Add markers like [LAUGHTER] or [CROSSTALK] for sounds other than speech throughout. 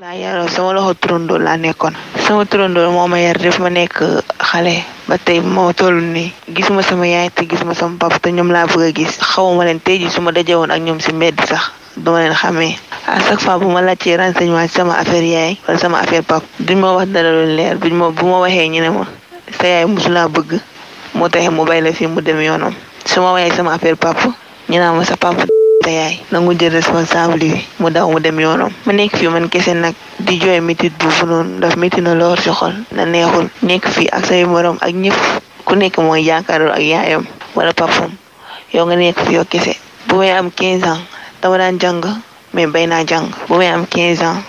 laa yaroo sama loxo turandoo laa nekkoon sama turandoo moo ma yar def ma nekk xale ba tey moo toll nii gisuma sama yaay te gisuma sama papa te ñoom laa bëgg a gis xawuma leen tey ji su ma daje woon ak ñoom si mbedd sax duma leen xamee à chaque fois bu ma laajtee renseignement sama affaire yaay wala sama affaire papa duñ ma wax dara lu leer duñ ma bu ma waxee ñu ne ma sa yaay mosulaa bëgg moo taxee mu bay la fii mu dem yoonam su ma waxee sama affaire papa ñu naa ma sa sa yaay nangu jël responsable bi mu daw mu dem yoonam mu nekk fii man kese nag di jooy métit boobu noonu daf métti na lool ci xol na neexul nekk fii ak say morom ak ñëpp ku nekk mooy yaakaarul ak yaayam wala papam yow nga nekk fi yow kese bu may am 15 ans dama daan jàng mais bay naa jàng bu may am 15 ans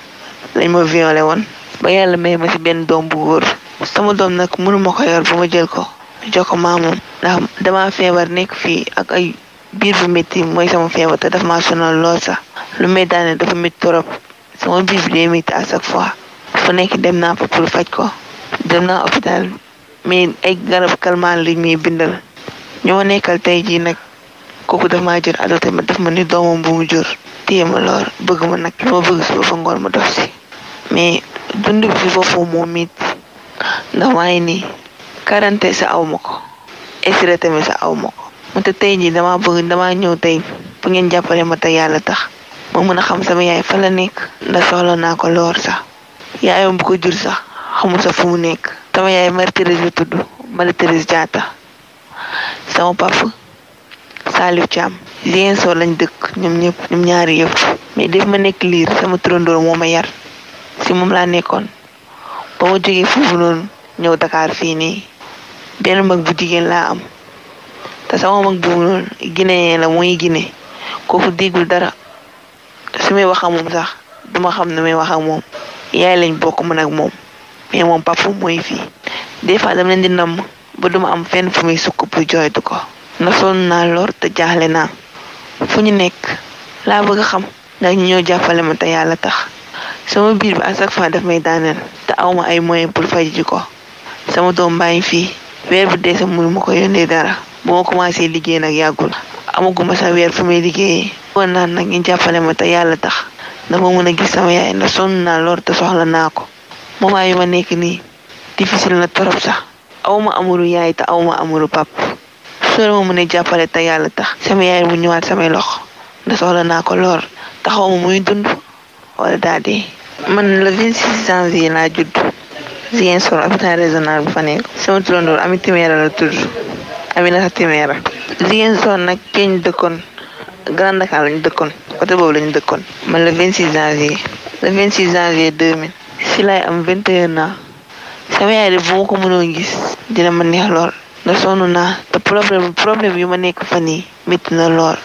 lañ ma violé woon ba yàlla may ma ci benn doom bu góor sama doom nag mënu ma ko yor bu jël ko jox ko dama feebar nekk fii biir bu métti mooy sama feebar te daf maa sonal lool sax lu may daane dafa métti torop sama biir bi day métti à chaque fois fu nekk dem naa fa pour faj ko dem naa hôpital mais ay garab calmant lañ may bindal ñoo nekkal tey jii nag kooku daf ma jël adopté ma daf ma ni doomam bu mu jur téye ma lool bëgg ma nag lu ma bëgg suba fa ngoon ma dof si mais dund bi foofu moom it ndax maa ngi nii quarante sa aw ko estiré tamit sa aw ma ko mata tey ji dama bëgg dama ñëw tay bu ngeen jàppale ma te yàlla ya tax ma mën a xam sama yaay fa la nekk ndax soxla naa ko loor sax yaayam bu ko jur sax xamul sa fu mu nekk sama yaay mar Thérèse la tudd mala Thérèse jaata sama papa Salif cham lien so lañ dëkk ñoom ñëpp ñoom ñaari yëpp mais def ma nekk liir sama turandoor moo ma yar si moom laa nekkoon ba ma jógee foofu noonu ñëw Dakar fii nii benn mag bu jigéen laa am te sama mag bu noonu Guinée la muy Guinée kooku diggul dara su may wax ak moom sax duma xam ne may wax ak moom yaay lañ bokk man ak moom mais moom papa mooy fii des fois dama leen di namm ba duma am fenn fu muy sukk bu jooytu ko na sonn naa lool te jaaxle naa fu ñu nekk laa bëgg xam ndax ñu ñëw jàppale ma te yàlla tax sama biir bi à chaque fois daf may daaneel te awma ay moyen pour fay ji ko sama doom baa fii weer bu dee sa mënu ma ko yónnee dara moo commencé liggéey nag yàggul amaguma sa weer fu may liggéeyee woon naan nag ñu jàppale ma te yàlla tax dama mën a gis sama yaay ndax sonn naa lool te soxla naa ko moment yu ma nekk nii difficile na torop sax awma amulu yaay te awma amuru pap soo ma mën a jàppale te yàlla tax sama yaay mu ñëwaat samay lox ndax soxla naa ko lool taxaw ma muy dund wala daa dee man le 26 janvier laa judd Ziguinchor hôpital régional bu fa nekk sama turandoor Ami Timéra la Aminata Timéra soon nag keñ dëkkoon Grand Dakar lañu dëkkoon côté boobu lañ dëkkoon man le 26 janvier le 26 janvier 2000 si laay am 21 ans sama yaay de bu ma ko mënoon gis dina ma neex lool ndax sonn naa te problème problème ma nekk fan yi métti na lool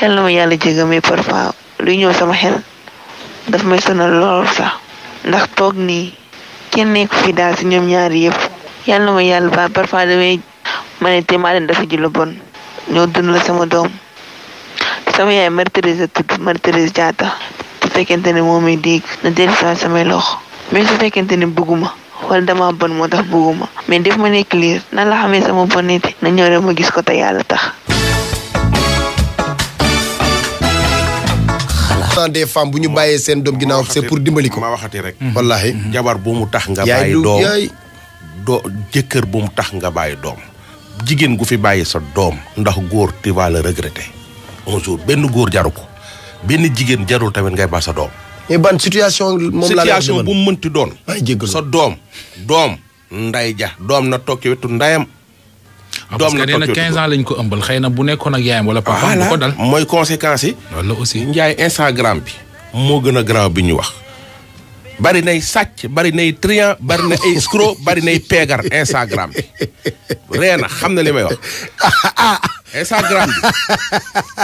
yàlla na ma yàlla jégal mais parfois luy ñëw sama xel daf may sonal lool sax ndax toog nii kenn nekk fi daal si ñoom ñaari yëpp yàlla na ma yàlla ba parfois damay ma ne téemaa leen dafa ji lu bon ñoo dund la sama doom sama yaay Marie-Thérèse tudd Marie-Thérèse Diatta fekkente ne moom mi dégg na dellu saa samay loxo même fekkente ne bëgguma wala dama bon moo tax bëgguma mais def ma nekk liir nan la xamee sama bonité na ñëw rek ma gis ko te yàlla tax des femmes bu ñu bàyyee seen doom ginnaaw c'est pour dimbali ko. ma waxati rek. Mm-hmm. wallaahi. jabar bu mu tax nga bàyyi doom yaay do bu mu tax nga bàyyi doom. jigéen gu fi bàyyi sa doom ndax góor tu vas le benn góor jaru ko benn jigéen jarul tamit ngay ba sa doom. situation. moom bu mu mënti doon. sa doom. doom nday ja doom na toog ci wetu ndayam. Ah, doom na toog ci wetu 15 ans lañ ko ëmbal xëy na bu nekkoon ak yaayam wala papa. bu ko dal mooy conséquences yi. loolu aussi njaay Instagram bi. moo gën a garaaw bi ñu wax. bari nay sàcc bari nay triant bari na ay escroc bari nay peegar Instagram [LAUGHS] reena xam na li may wax [LAUGHS] ah, ah, ah. Instagram bi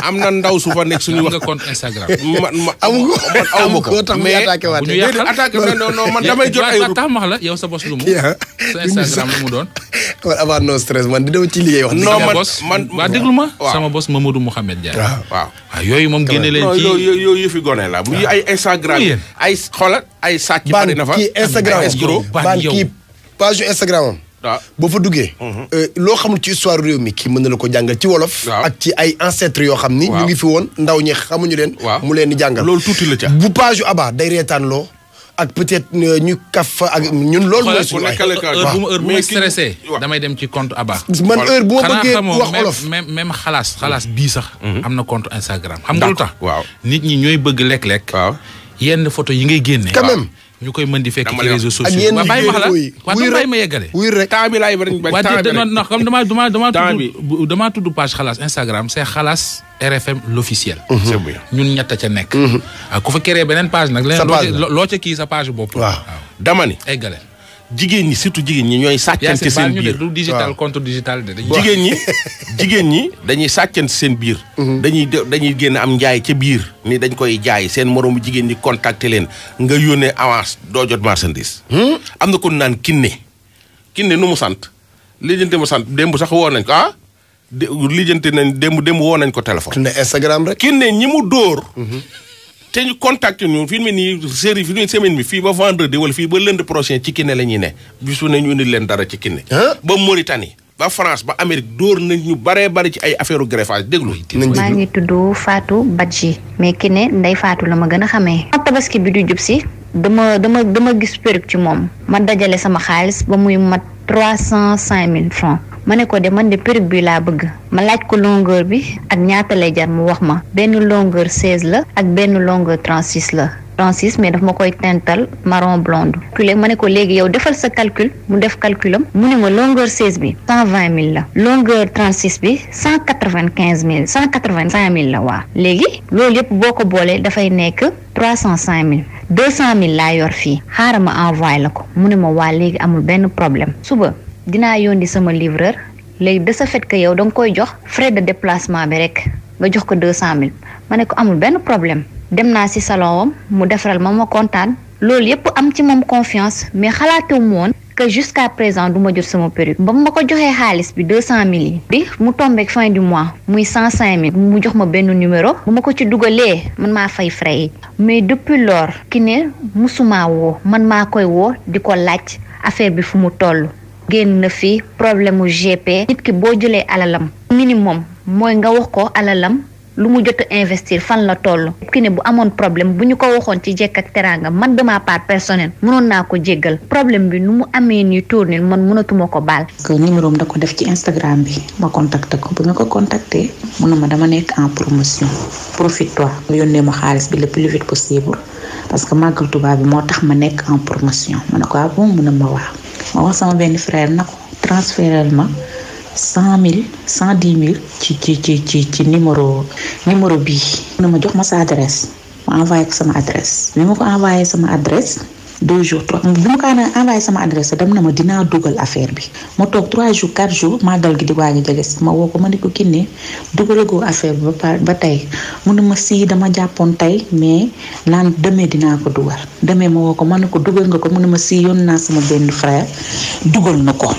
[LAUGHS] am na ndaw su fa nekk suñu wax. nga compte Instagram. [LAUGHS] man ma man aw ma ko tax mais bu ñu yàqal attaqué non non man damay yow sa bos lu mu. Ah. sa Instagram lu mu doon. man [LAUGHS] avant man di dem ci liggéey wax. non man man waa déglu ma. sama bos Mamadou Mouhamed Ndiaye. waaw waaw. yooyu moom génne leen ci non yooyu yëfi gone la. bu ay Instagram ay xoolal ay sàcc bari na fa. ban kii Instagram ban kii page Instagram am. Ah. boo fa duggee. Mhm. Euh, loo xamul ci histoire réew mi kii mën na la ko jàngal ci wolof. ak ci ay ancêtres yoo xam ni. ñu ngi fi woon ndaw ñi xamuñu leen. mu leen jàngal loolu tuuti la ca. bu page Abba day reetaan loo. ak peut euh, ñu kaf ak ñun loolu. mooy suñu damay dem ci compte Abba. man heure bu ma bëggee wax olof même xalaas xalaas mhm. bii sax. Mhm. am na compte Instagram. xam nga lu tax nit ñi ñooy bëgg lekk-lekk. yenn photo yi ngay génne. quand ñu koy mën di fekk ci réseaux sociaux ma bàyyi ma la waaw bàyyi ma bari waa non comme dama dama dama tudd dama tudd page xalaas Instagram c'est xalaas RFM l'officiel mm-hmm. ñun ñett ca nekk mm-hmm. ah, ku fa créé beneen page nag leneen loo ca kii sa page bopp waaw dama ni eggale jigéen ñi surtout jigéen ñi ñooy sàccante seen biir du digital contre digital de jigéen ñi [LAUGHS] jigéen ñi dañuy sàccante seen biir mhm. dañuy dañuy génn am njaay ca biir ni dañ koy jaay seen moroomu jigéen ñi contacter leen nga yónnee avance doo jot marchandise hmm? am na ko naan kinne kinne nu mu sant lijjante mu sant démb sax woo nañ ko ah lijjante nañ démb démb woo nañ ko téléphone kinne Instagram rek kinne ñi mu dóor mhm. te ñu contacté ñu fi mu nii série fi mu semaine bi fii ba vendredi wala fii ba lundi prochain ci Kiné la ñuy ne bisu ne ñu indil leen dara ci Kiné. Ah. ba Mauritanie. ba France ba Amérique dóor nañ ñu baree bari ci ay affaire greffage déglu. maa ngi tudd Fatou Badji mais Kiné Ndeye Fatou la ma gën a xamee. tabaski bi du jub si dama dama dama gis perruque ci moom. ma dajale sama xaalis ba muy mat trois cent cinq mille francs ma ne ko de man de perruque bi laa bëgg ma laaj ko longueur bi ak ñaata lay jar mu wax ma benn longueur 16 la ak benn longueur 36 la 36 mais daf ma koy tental maron blonde. calculé ma ne ko léegi yow defal sa calcul mu def calculam mu ne ma longueur 16 bi mille la longueur 36 bi cent 195000 195000 la waa léegi loolu yëpp boo ko boolee dafay nekk cent 305000 mille laa yor fii xaaral ma envoyé la ko mu ne ma waa léegi amul benn problème suba. dinaa yónni sama livreur léegi de sa fait que yow da nga koy jox frais de déplacement bi rek nga jox ko deux cent mille ma ne ko amul benn problème dem naa si salon wam mu defaral ma ma kontaan loolu yëpp am ci moom confiance mais xalaatu mu woon que jusqu'à présent du ma jot sama perruque ba ma ko joxee xaalis bi deux mille yi bi mu tombeek fin du mois muy cent mille mu jox ma benn numéro bu ma ko ci dugalee man maa fay frais yi mais depuis lors ki ne musumaa woo man maa koy woo di ko laaj affaire bi fu mu toll génn na fi problème gp nit ki boo jëlee alalam minimum mooy nga wax ko alalam lu mu jot investir fan la tollu ki ne bu amone problème bu ñu ko waxoon ci jek ak teranga man de ma part personnel mënon na ko jéggal problème bi nu mu ni tourner man mënatuma ko bal que numéro da ko def ci instagram bi ma contact ko bu ko ko contacté munuma dama nek en promotion profite toi yónnee ma xaliss bi le plus vite possible parce que màggal tuba bi moo tax ma nek en promotion ma ah bon mënuma wax ma wax sama benn frère na ko transférel ma cent mille cent dix mille ci ci ci ci ci numéro numéro bii. na ma jox ma sa adresse ma envoyé ko sama adresse. ni ma ko envoyé sama adresse. deux jours trois bu ma ko envoyé sama adresse dem na ma dinaa dugal affaire bi ma toog trois jours quatre jours màggal gi di waaj a jege si ma woo ko ma ne ko kinne dugalagoo affaire bi ba ba tey mu ne ma sii dama jàppoon tey mais naan demee dinaa ko dugal demee ma woo ko ma ne ko dugal nga ko mu ne ma sii yónn naa sama benn frère dugal na ko.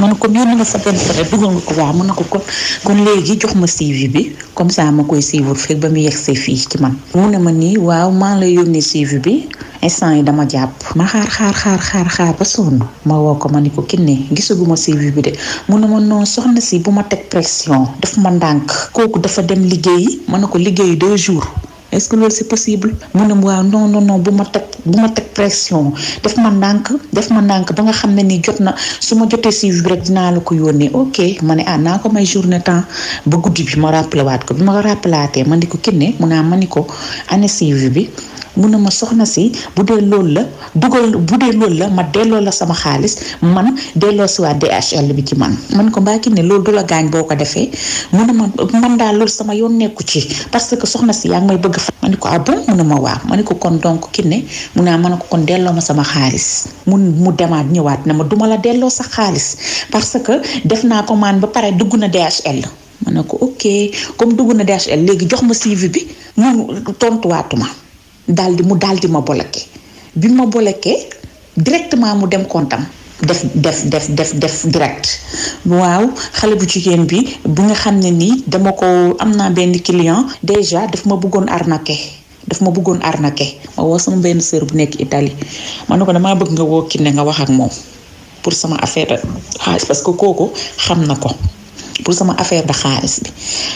man comme yónni nga sa ko mën na ko kon kon léegi jox ma suivi bi comme ça ma koy suivre fekk ba mu yegg see fii ci man. mu ne ma nii waaw maa ngi lay yónnee suivi bi. instant yi dama jàpp ma xaar xaar xaar xaar xaar ba sonn ma woo ko ma ni ko kinne gisaguma CV bi de mu ne ma non soxna si bu ma teg pression daf ma ndànk kooku dafa dem liggéeyi ma ne ko liggéeyi deux jours est-ce que loolu c'est possible mu ne waaw non non bu ma ma teg pression def ma ndànk def ma ndànk ba nga xam ne nii jot na su ma jotee suivi dinaa la ko yónnee ok ma ne ah naa may journée temps ba guddi ma rappelé waat ko bi ma ko rappelaatee ni ko kinne mu naa ma ni ko ah, année suivi bi mun na ma soxna si bu dee loolu la dugal la ma delloo la sama xaalis man delloo si waa DHL bi ci man. man ko mbaa ki ne loolu du la gaañ ko defee mun na ma man daal loolu sama yoon nekku ci parce que soxna si yaa may bëgg fa. ko ah bon mun ma waa ma ne ko kon donc ki ne mun naa ah, man ne ko kon delloo ma sama xaalis mun mu demaat ñëwaat na ma duma la delloo sax xaalis parce que def naa ko commande ba pare dugg na DHL. ma ne ko ok comme dugg na DHL léegi jox ma suivi bi mu tontuwaatuma daal di mu daal di ma bloqué bi ma bloqué directement mu dem kontam def def def def def direct waaw xale bu jigéen bi bu nga xam ne nii dama ko am naa benn client déjà daf ma bëggoon arnaqué daf ma bëggoon arnaqué ma woo sama benn sœur bu nekk Italie man na ko damaa bëgg nga woo Kiné nga wax ak moom pour sama affaire xaalis kooku xam na ko pour sama affaire da xaalis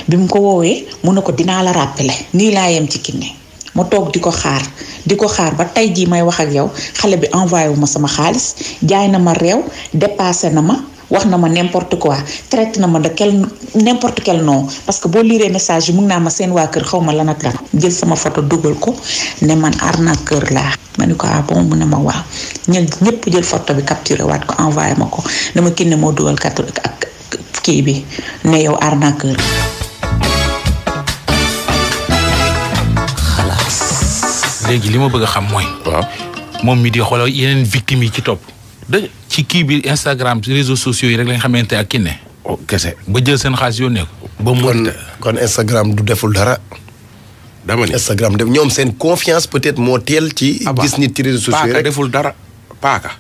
bi bi mu ko woowee mu ne ko dinaa la rappeler nii laa yem ci Kiné ma toog di ko xaar di ko xaar ba tey jii may wax ak yow xale bi envoyé wu ma sama xaalis jaay na ma réew dépassé na ma wax na ma n'importe quoi traité na ma de quel n'importe quel nom parce que boo liiree message yi mun naa ma seen waa kër xaw ma lan ak lan jël sama photo dugal ko ne man arnaqueur laa ma ni ko ah bon mu ne ma waaw ñun ñëpp jël photo bi capturé waat ko envoyé ma ko dama kinne moo dugal kat ak kii bi ne yow arnaqueur léegi li ma bëgg xam mooy. waaw moom mi di xoolal yeneen victimes yi ci topp. ci kii bi Instagram réseaux sociaux yi rek lañ xamante ak Kine. Oh, kese ba jël seen xaalis yónnee ko. ba mu kon Instagram du deful dara. dama ne Instagram def ñoom seen confiance peut-être moo teel ci. Ah bah. gis nit ci réseaux sociaux yi rek deful dara paaka.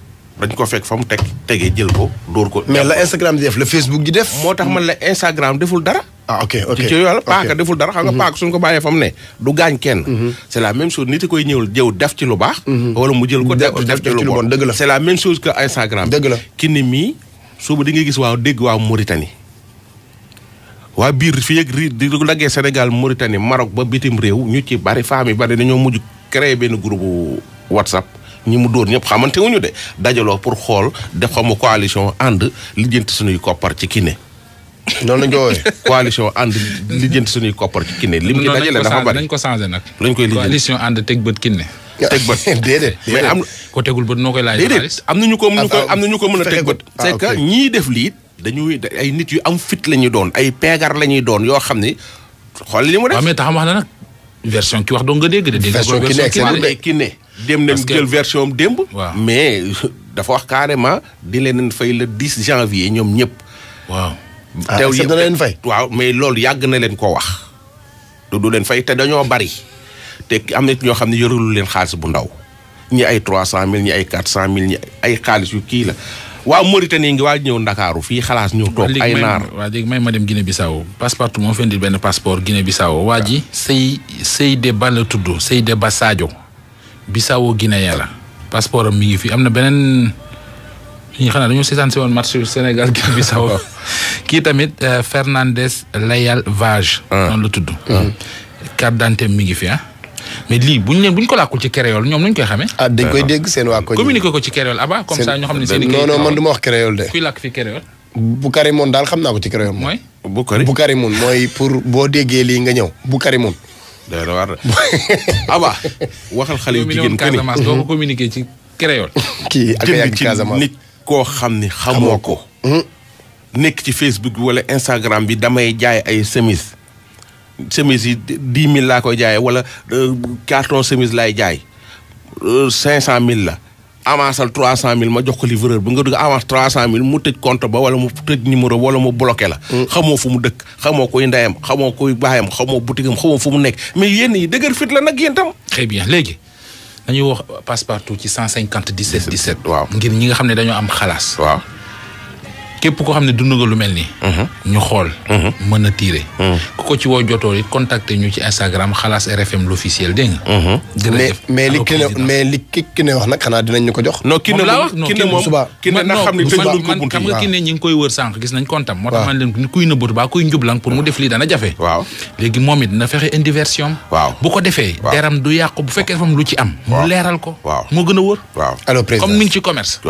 dañ ko fekk fa mu teg tegee jël ko door ko. mais la Instagram di def la Facebook di def. moo tax man la Instagram deful dara. ah ok ok ci ci yàlla paaka deful dara xam nga mhm. paaka suñ ko bàyyee fa mu ne du gaañ kenn mhm. c'est la même chose nit a koy ñëwul jëw def ci lu baax mhm. wala mu jël ko def ci lu bon dëgg la c'est la même chose que Instagram dëgg ni mii suba di nga gis waaw dégg waaw Mauritanie waa biir fii ak ri di daggee Sénégal Mauritanie Maroc ba bitim réew ñu ci bari femmes yi bari dañoo mujj créer benn groupe WhatsApp ñi mu dóor ñëpp xamante wuñu de dajaloo pour xool def xamu coalition ànd lijjanti suñuy koppar ci kii noonu la ñu woowee [LAUGHS] coalition ànd lijjanti suñuy koppar ci kinne lim ci ko changé nag lañ koy lijjanti coalition ànd teg bët kinne [LAUGHS] teg bët [LAUGHS] déedéet mais am ko tegul bët noo am nañu ko mën ko am ah, ah, ko mën a teg bët ah, c'est que def lii dañuy ay nit yu am fit la ñuy doon ay peegar la ñuy doon yoo xam ne xool li mu def mais taxam wax na nag version ki wax doo nga dégg de dégg version ki ne dem na jël version am démb mais dafa wax carrément di leen fay le 10 janvier ñoom ñëpp waaw Ah, teew yi dana leen fay waaw mais loolu yàgg na leen koo wax du du leen fay te dañoo bari te am na ñoo xam ne yorelu leen xaalis bu ndaw ñi ay trois cent mille ñi ay quatre cent mille ay xaalis yu kii la waa waaw Mauritanie ngi waa ñëw ndakaaru fii xalaas ñëw toog ay naar waa léegi may ma dem Guinée Bissau passeport moo fendi benn passeport Guinée Bissau waa ji sëy sëy de ba la tudd sëy de ba Sadio Bissau Guinée la passeport am mi ngi fi am na beneen ñu xanaa dañoo seetaan si woon match Sénégal [LAUGHS] Guinée Bissau kii tamit euh, Fernandez Layal Vage. Ah. noonu tudd. Ah. carte d'identité mi ngi fi ah. mais lii bu ñu leen ko làkkul ci créole ñoom nuñ koy xamee. ah dañ koy ah. dégg seen waa ko communiqué ko ci créole aba comme ça ñu xam ne seen i. non non man du ma daal xam naa ko ci créole. mooy Bukari Bukari Moun mooy pour boo déggee lii nga ñëw Bukari Moun. day la war [LAUGHS] aba waxal xale yu jigéen que ni Casamance doo ko communiqué ci créole. [LAUGHS] kii ak yàgg Casamance koo xam ni xamoo ko hmm? nekk ci Facebook bi wala Instagram bi damay jaay ay semis semis yi dix mille laa koy jaayee wala euh, carton semis laay jaay euh, cinq cent mille la avanceal trois cent mille ma jox ko livreur bi nga dugg avance trois cent mille mu tëj compte ba wala mu tëj numéro wala mu bloqué la hmm. xamoo fu mu dëkk xamoo koy ndeyam xamoo koy baayam xamoo boutique am xamoo fu mu nekk mais yénn yi dëgër fit la nag yéen tam très bien léegi dañuy wax passe partout ci 150 17 17. waaw ngir ñi nga xam ne dañoo am xalaas. waaw képp koo xam ne dund nga lu mel nii. Mhm. ñu xool. Mhm. mën a tiire. Mhm. ku ko ci woo jotoo it contacter ñu ci Instagram xalaas RFM l' officiel dégg nga. mais mais li ki ki ne wax nag xanaa dinañ ñu ko jox. non ki ne moom ki ne suba ki ne nag ko buntu xam nga ki ne ñi ngi koy wër sànq gis nañ kontam. waaw moo kuy nëbbatu baa kuy njublang pour mu def lii dana jafe. léegi moom it dina fexe indi bu ko defee. deram du yàqu bu fekkee fam lu ci am. mu leeral ko. waaw moo gën a wër. waaw alors comme mi ci commerce.